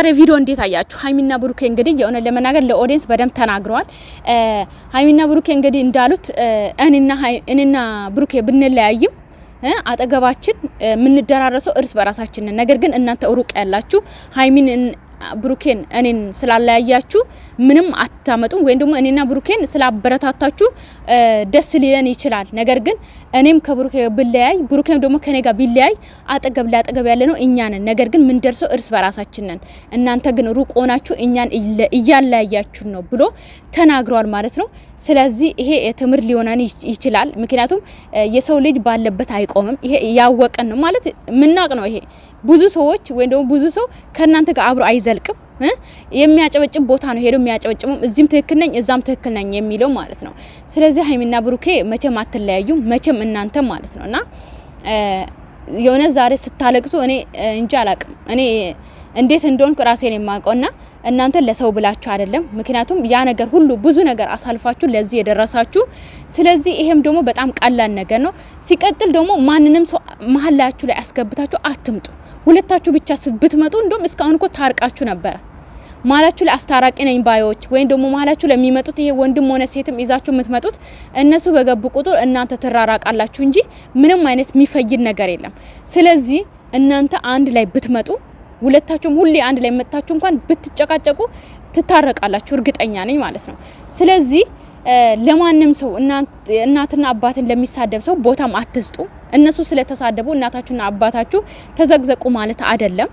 ዛሬ ቪዲዮ እንዴት አያችሁ? ሀይሚና ብሩኬ እንግዲህ የሆነ ለመናገር ለኦዲየንስ በደንብ ተናግረዋል። ሀይሚና ብሩኬ እንግዲህ እንዳሉት እኔና ብሩኬ ብንለያይም አጠገባችን የምንደራረሰው እርስ በራሳችን። ነገር ግን እናንተ ሩቅ ያላችሁ ሀይሚን ብሩኬን እኔን ስላለያያችሁ ምንም አታመጡም፣ ወይም ደግሞ እኔና ብሩኬን ስላበረታታችሁ ደስ ሊለን ይችላል። ነገር ግን እኔም ከብሩኬ ብለያይ ብሩኬም ደግሞ ከኔ ጋር ቢለያይ አጠገብ ላጠገብ ያለ ነው እኛ ነን። ነገር ግን ምን ደርሰው እርስ በራሳችን ነን፣ እናንተ ግን ሩቅ ሆናችሁ እኛን እያለያያችሁ ነው ብሎ ተናግሯል ማለት ነው። ስለዚህ ይሄ ትምህርት ሊሆነን ይችላል። ምክንያቱም የሰው ልጅ ባለበት አይቆምም። ይሄ ያወቀን ነው ማለት ምናቅ ነው። ይሄ ብዙ ሰዎች ወይም ደግሞ ብዙ ሰው ከእናንተ ጋር አብሮ አይዘልቅም የሚያጨበጭብ ቦታ ነው ሄዶ የሚያጨበጭበው። እዚህም ትክክል ነኝ እዛም ትክክል ነኝ የሚለው ማለት ነው። ስለዚህ ሀይሚና ብሩኬ መቼም አትለያዩም፣ መቼም እናንተ ማለት ነው እና የሆነ ዛሬ ስታለቅሱ እኔ እንጂ አላቅም እኔ እንዴት እንደሆንኩ ራሴን የማውቀውና እናንተ ለሰው ብላችሁ አይደለም። ምክንያቱም ያ ነገር ሁሉ ብዙ ነገር አሳልፋችሁ ለዚህ የደረሳችሁ። ስለዚህ ይሄም ደግሞ በጣም ቀላል ነገር ነው። ሲቀጥል ደግሞ ማንንም ሰው መሀላችሁ ላይ አስገብታችሁ አትምጡ። ሁለታችሁ ብቻ ብትመጡ እንደውም እስካሁን እኮ ታርቃችሁ ነበረ። ማላችሁ ለአስታራቂ ነኝ ባዮች ወይም ደግሞ ማላችሁ ለሚመጡት ይሄ ወንድም ሆነ ሴትም ይዛችሁ የምትመጡት እነሱ በገቡ ቁጥር እናንተ ትራራቃላችሁ እንጂ ምንም አይነት የሚፈይድ ነገር የለም። ስለዚህ እናንተ አንድ ላይ ብትመጡ ሁለታችሁም ሁሌ አንድ ላይ መጥታችሁ እንኳን ብትጨቃጨቁ ትታረቃላችሁ፣ እርግጠኛ ነኝ ማለት ነው። ስለዚህ ለማንም ሰው እናትና አባትን ለሚሳደብ ሰው ቦታም አትስጡ። እነሱ ስለተሳደቡ እናታችሁና አባታችሁ ተዘግዘቁ ማለት አይደለም።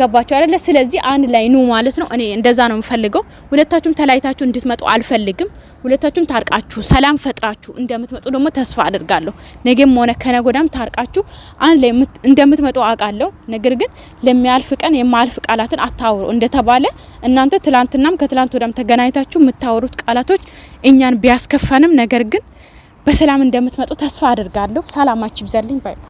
ገባቸው አይደለ? ስለዚህ አንድ ላይ ኑ ማለት ነው። እኔ እንደዛ ነው የምፈልገው። ሁለታችሁም ተለያይታችሁ እንድትመጡ አልፈልግም። ሁለታችሁም ታርቃችሁ ሰላም ፈጥራችሁ እንደምትመጡ ደግሞ ተስፋ አድርጋለሁ። ነገም ሆነ ከነጎዳም ታርቃችሁ አንድ ላይ እንደምትመጡ አውቃለሁ። ነገር ግን ለሚያልፍ ቀን የማልፍ ቃላትን አታውሩ እንደተባለ እናንተ ትላንትናም ከትላንት ወዳም ተገናኝታችሁ የምታወሩት ቃላቶች እኛን ቢያስከፈንም ነገር ግን በሰላም እንደምትመጡ ተስፋ አድርጋለሁ። ሰላማችሁ ይብዛልኝ ባይ